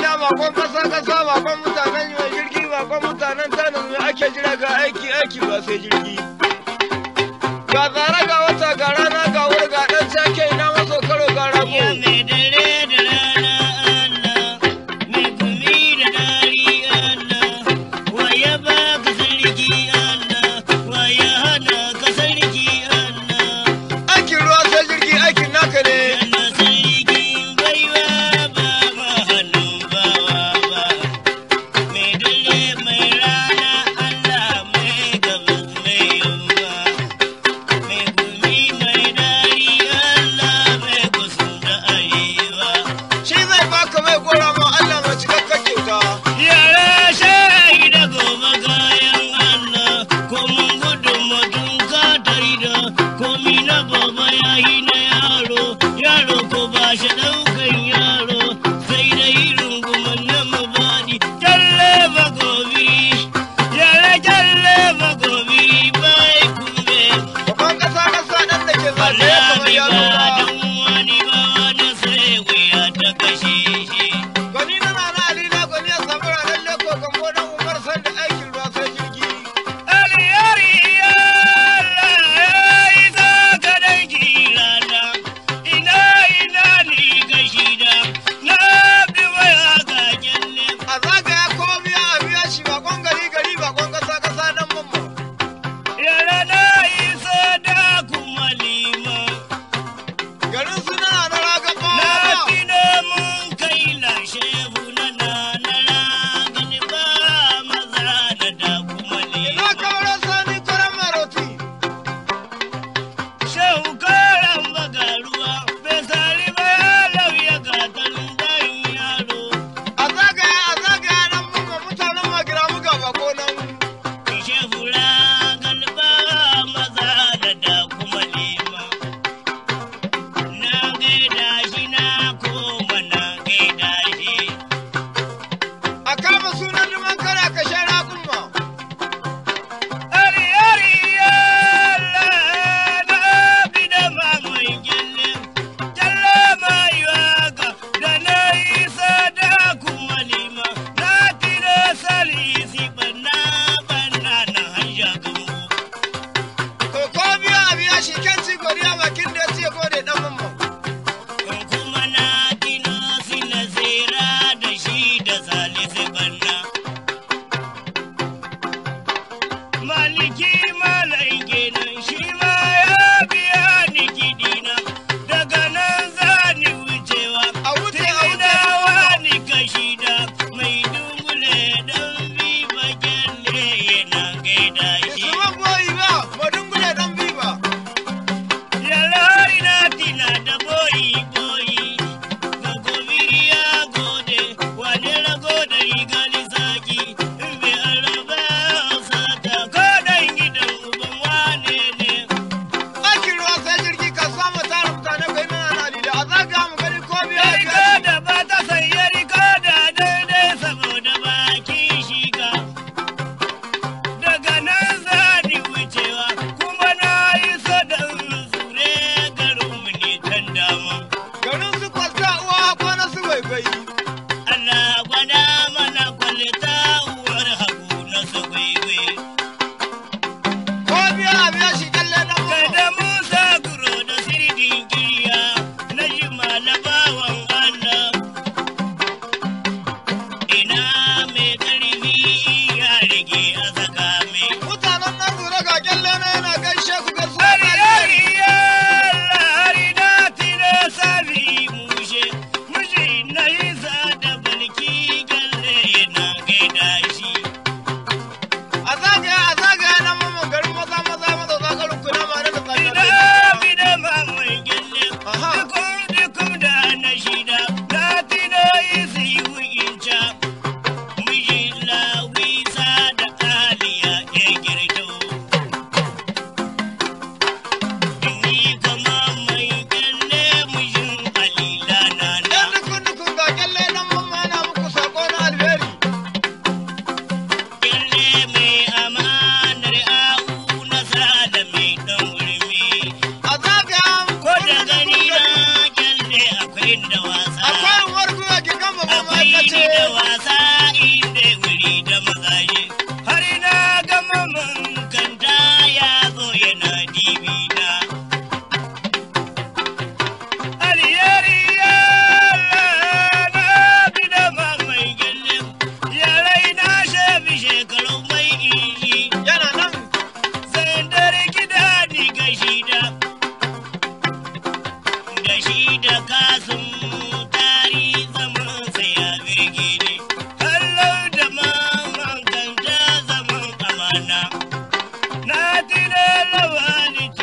na bakon kasa kasa bakon mutanen mai jirgi bakon mutanen tanin mai ake jira ga aiki aiki ba sai jirgi ga tsara ga wata ga rana ga wurga dan sake ina maso karo ga rago Bang, bang, bang. Nothing na dire